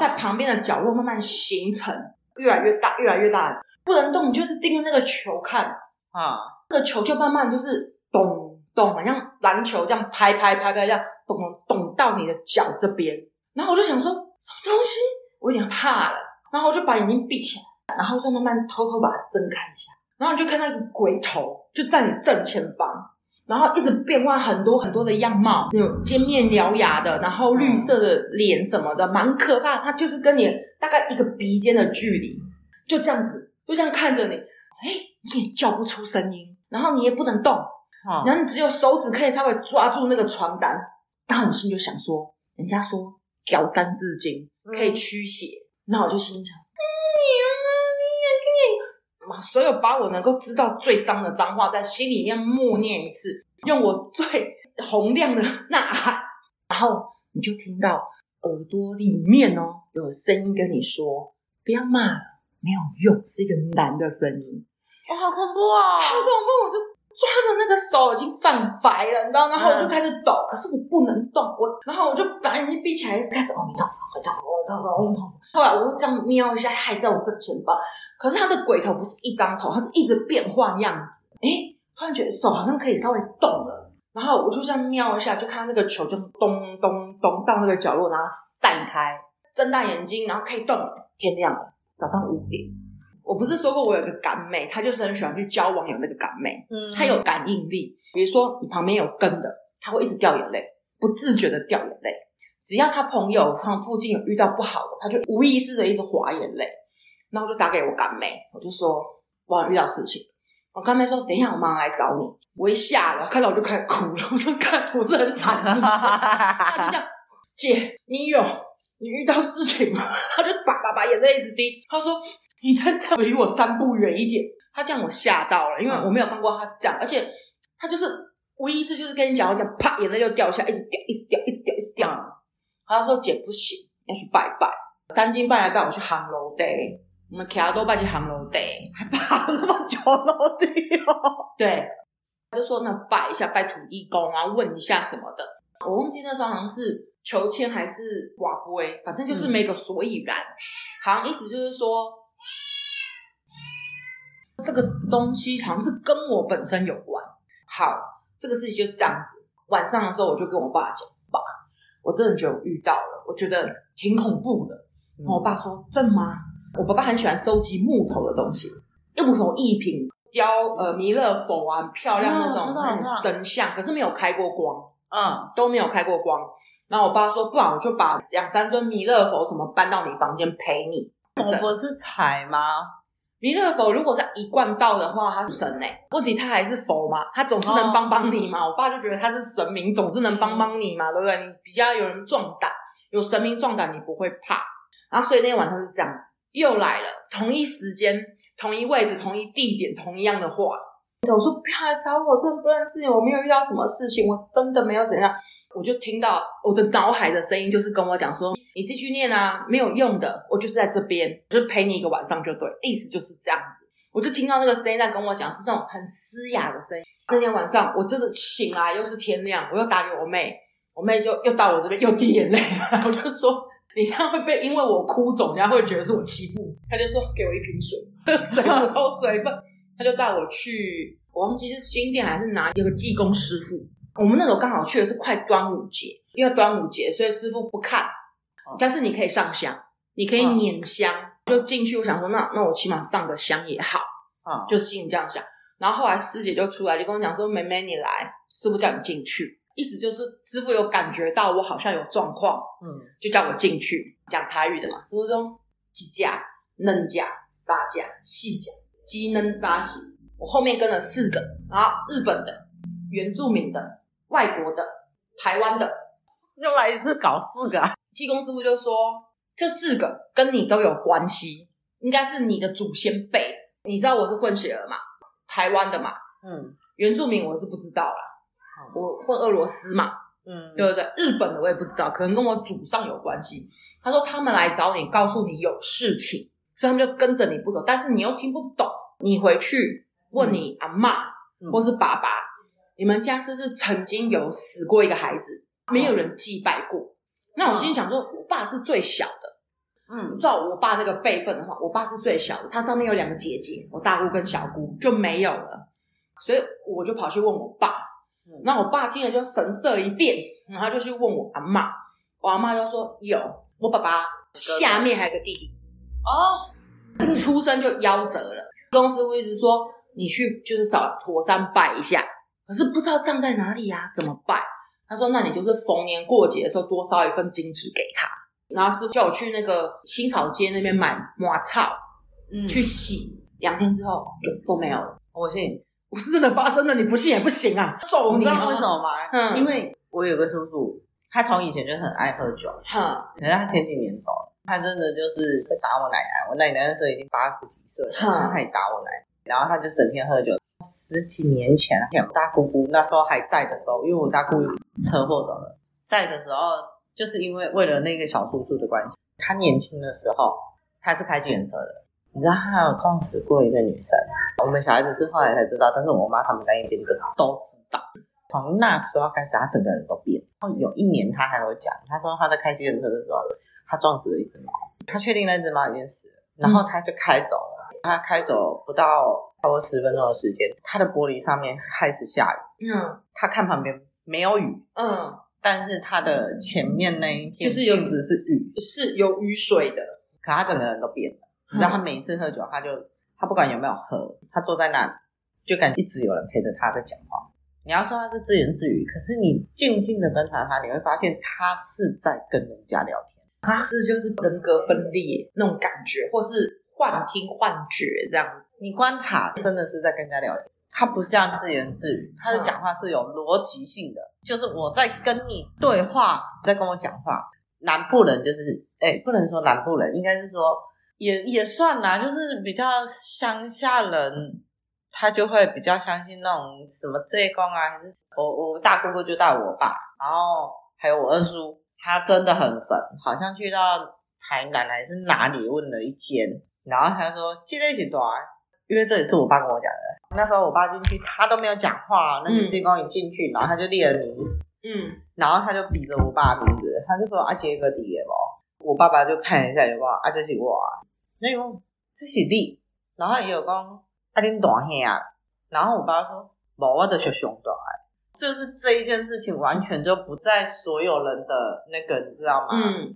Speaker 1: 在旁邊的角落慢慢形成，越來越大，越來越大，不能動，你就是盯着那個球看啊。那個球就慢慢就是咚咚，好像籃球這樣拍拍拍拍這樣咚咚咚到你的腳這邊。然後我就想說，什麼東西？我有點怕了。然後我就把眼睛閉起來，然後再慢慢偷偷把它睜開一下，然後你就看到一個鬼頭就在你正前方。然後一直變化很多很多的樣貌，那種尖面獠牙的，然後綠色的臉什麼的，蠻、嗯、可怕的。它就是跟你大概一個鼻尖的距離，就這樣子，就這樣看着你。哎、欸，你也叫不出聲音，然後你也不能動，嗯、然後你只有手指可以稍微抓住那個床單。然後我心裡就想說，人家說吊三字經可以驅邪，那、嗯、我就心裡想。所有把我能夠知道最髒的髒話，在心裡面默念一次，用我最洪亮的吶喊、啊，然後你就聽到耳朵裡面哦，有聲音跟你說，不要罵了，沒有用，是一個男的聲音，我、哦、好恐怖啊、哦！太恐怖了，我就。他的那個手已經泛白了，你知道嗎？然後我就開始抖，可是我不能動，我，然後我就把眼睛閉起來，開始哦你噠，哦咪噠，後來我就這樣瞄一下，還在我正前方。可是他的鬼頭不是一張頭，他是一直變換樣子的、嗯。哎、欸，突然覺得手好像可以稍微動了，然後我就這樣瞄一下，就看到那個球就咚咚咚，咚到那個角落，然後散開，睜大眼睛，然後可以動。天亮了，早上五點。我不是說過我有個乾妹，她就是很喜歡去交往。有那個乾妹，她、嗯、有感應力。比如說你旁邊有跟的，她會一直掉眼淚，不自覺的掉眼淚。只要她朋友或附近有遇到不好的，她就無意識的一直滑眼淚。然後就打給我乾妹，我就說我遇到事情，我乾妹說，等一下我馬上來找你。我一下子，看到我就開始哭了，我說，看我是很慘啊。是不是 他就叫：「姐你有你遇到事情嗎？她就叭叭叭眼淚一直滴。他說。你站站離我三步遠一點，他這樣我嚇到了，因為我沒有看過他這樣，嗯、而且他就是無意識，一是就是跟你講講，啪，眼淚就掉下，一直掉，一直掉，一直掉，一直掉。直掉直掉嗯、他說：“姐不行，要去拜拜，三更半夜帶我去行路的，嗯、我們騎阿多拜去行路的，還爬那麼久樓梯。”對，他就說：“那拜一下，拜土地公啊，問一下什麼的。”我忘記那時候好像是求籤還是寡婦，反正就是沒個所以然，嗯、好像意思就是說。這個東西好像是跟我本身有關。好，這個事情就這樣子。晚上的時候，我就跟我爸講：“爸，我真的就遇到了，我覺得挺恐怖的。嗯”然後我爸說：“真嗎？”我爸爸很喜歡收集木頭的東西，一木頭藝品，雕呃彌勒佛啊，漂亮那種神、哦、像，可是沒有開過光，嗯，都沒有開過光。然後我爸說：“不然我就把兩三尊彌勒佛什麼搬到你房間陪你。”神我是財嗎？彌勒佛如果是一貫道的話，他是神誒、欸。問題他還是佛嗎？他總是能幫幫你嗎？哦、我爸就覺得他是神明，總是能幫幫你嘛，對不對？你比較有人壯膽，有神明壯膽，你不會怕。然後所以那天晚上是這樣子，又來了，同一時間、同一位置、同一地點、同一樣的話，我說不要來找我，真的不認識你，我沒有遇到什麼事情，我真的沒有怎樣。我就聽到我的腦海的聲音，就是跟我講說。你繼續念啊，沒有用的。我就是在這邊，我就陪你一個晚上就對，意思就是這樣子。我就聽到那個聲音在跟我講，是那種很嘶啞的聲音。那天晚上我真的醒了，啊，又是天亮，我又打給我妹，我妹就又到我這邊又滴眼淚。我就說，你這樣會被，因為我哭腫，人家會覺得是我欺負她。他就說，給我一瓶水，水，補充水吧。」他就帶我去，我忘記是新店還是哪，一個技工師傅。我們那時候剛好去的是快端午節，因為端午節，所以師傅不看。但是你可以上香，你可以捻香，嗯、就進去。我想說，那那我起碼上個香也好，嗯、就心裡這樣想。然後後來師姐就出來，就跟我講說：“妹妹你來，師傅叫你進去。”意思就是師傅有感覺到我好像有狀況，嗯，就叫我進去。講台語的嘛，師傅說：“幾架、嫩架、沙架、細架，雞嫩沙細。”我後面跟了四個，然後日本的、原住民的、外國的、台灣的，又來一次搞四個、啊。濟公師傅就說：“這四個跟你都有關係，應該是你的祖先輩。你知道我是混血兒嘛？台灣的嘛，嗯，原住民我是不知道啦。吧我混俄羅斯嘛，嗯，對不對？日本的我也不知道，可能跟我祖上有關係。他說他們來找你，告訴你有事情，所以他們就跟着你不走，但是你又聽不懂。你回去問你阿嬤、嗯、或是爸爸，你們家是不是曾經有死過一個孩子？嗯、沒有人祭拜過。”那我心裡想說，我爸是最小的，嗯，照我爸這個輩分的話，我爸是最小的，他上面有兩個姐姐，我大姑跟小姑就沒有了，所以我就跑去問我爸，嗯、那我爸聽了就神色一變，然後就去問我阿媽，我阿媽就說有，我爸爸下面還有個弟弟，哥哥哦，出生就夭折了，公司會一直說你去就是掃陀山拜一下，可是不知道葬在哪裡呀，啊，怎麼拜？他說：“那你就是逢年過節的時候多燒一份金紙給他，然後是叫我去那個青草街那邊買抹草，嗯，去洗。兩天之後就都沒有了。我信，我是真的發生了，你不信也不行啊！走，你知道為什麼嗎？嗯，因為我有個叔叔，他從以前就很愛喝酒，哼、嗯，可是嗎他前幾年走了，他真的就是會打我奶奶。我奶奶那時候已經八十幾歲了。哼、嗯，還打我奶奶，然後他就整天喝酒。”十幾年前，有大姑姑那時候還在的時候，因為我大姑車禍走了，在的時候就是因為為了那個小叔叔的關係，他年輕的時候他是開計程車的，你知道他有撞死過一個女生，我們小孩子是後來才知道，但是我媽他們那一邊的都知道。從那時候開始，他整個人都變。然後有一年，他還有講，他說他在開計程車的時候，他撞死了一隻貓，他確定那隻貓已經死了，然後他就開走了，他、嗯、開走不到。超過十分鐘的時間，他的玻璃上面開始下雨。嗯，他看旁邊沒有雨。嗯，但是他的前面那一天，就是有雨，是有雨水的。可他整個人都變了。
Speaker 2: 嗯，你知道，他每
Speaker 1: 一次喝酒，他就他不管有沒有喝，他坐在那裡就感覺一直有人陪着他在講話。你要說他是自言自語，可是你靜靜的觀察他，你會發現他是在跟人家聊天。他是就是人格分裂那種感覺，或是幻聽幻覺這樣。你觀察真的是在跟人家聊天，他不像自言自語，他的講話是有邏輯性的。哇就是我在跟你對話，在跟我講話。南部人就是，哎、欸，不能說南部人，應該是說也也算啦，就是比較鄉下人，他就會比較相信那種什麼這一公啊。還是我我大哥哥就帶我爸，然後還有我二叔，他真的很神，好像去到台南還是哪裡問了一間，然後他說得一、這個、是多。因為這也是我爸跟我講的。那時候我爸進去，他都沒有講話。那些監工一進去，嗯，然後他就列了名字，嗯，然後他就比着我爸的名字，他就說阿杰哥地。啊」一我爸爸就看一下，有講阿這是我，沒有，這是你。然後也有講阿恁短黑啊。啊然後我爸說，無我的小熊短。就是這一件事情完全就不在所有人的那個，你知道嗎？嗯。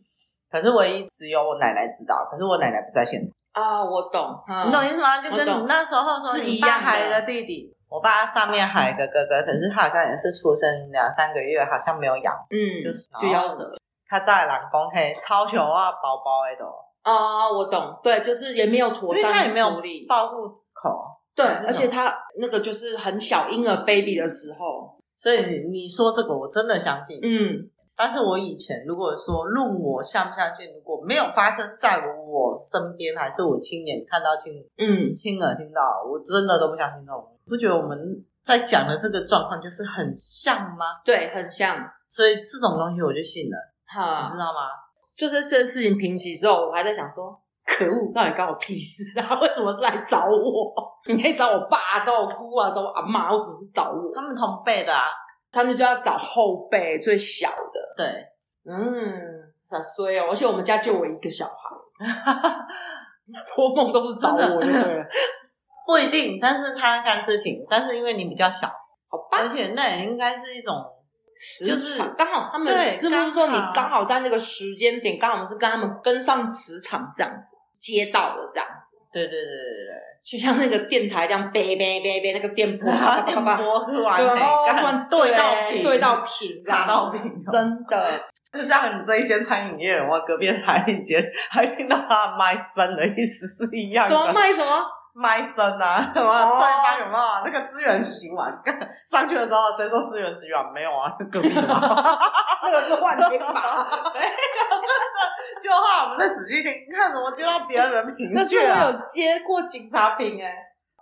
Speaker 1: 可是唯一只有我奶奶知道，可是我奶奶不在現場。啊，我懂，啊、你懂意思嗎？就跟懂那時候說是一樣，還有一個弟弟，我爸上面還有一個哥哥，可是他好像也是出生兩三個月，好像沒有養，嗯，就是就夭折。他在南宮以嘿超球啊，寶寶哎都。啊，我懂，對，就是也沒有妥善也沒有力。報戶口。對，而且他那個就是很小嬰兒 baby 的時候，嗯、所以你說這個我真的相信，嗯。但是我以前如果說論我相不相信，如果沒有發生在我身邊，還是我親眼看到、親嗯、親耳聽到，我真的都不相信。這種不覺得我們在講的這個狀況就是很像嗎？對，很像。所以這種東西我就信了，哈你知道嗎？就是這件事情平息之後，我還在想說：可惡，到底關我屁事啊？為什麼是來找我？你可以找我爸、啊，找我姑啊，找我阿媽、啊，為什麼是找我？他們同輩的，啊，他們就要找後輩，最小的。對，嗯，好衰哦！而且我們家就我一個小孩，做夢都是找我一個人，對不,對不一定。但是他幹事情，但是因為你比較小，好棒。而且那也應該是一種時場，就是剛好他們對是不是說你剛好在那個時間點，剛好我們是跟他們跟上磁場這樣子，接到了這樣子。對對對對對，就像那個電台這樣，beep beep beep 那個、啊、電波，電波是對，對到屏，砸到屏，真的。就像你這一間餐飲業，我隔壁還一間，還聽到他賣身的意思是一樣的，什麼？賣什麼？麥聲啊什麼、哦、對方有沒有那個支援洗碗？上去的時候誰說支援支援？沒有啊，那個 那個是幻聽吧？沒有、 欸，真的就話我們再仔細聽，看怎麼接到別人的名片。那有沒有接過警察屏、欸？誒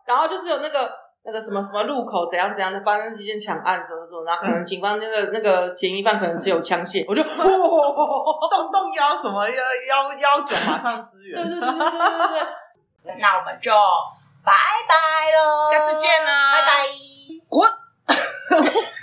Speaker 1: 然後就是有那個那個什麼什麼路口怎樣怎樣的發生一件搶案什麼什麼，然後可能警方那個那個嫌疑犯可能持有槍械，我就呼呼呼呼動動腰什麼幺幺幺九，腰腰馬上支援。 對對對對對,對。 那我們就拜拜嘍，下次見啦，拜拜，滾。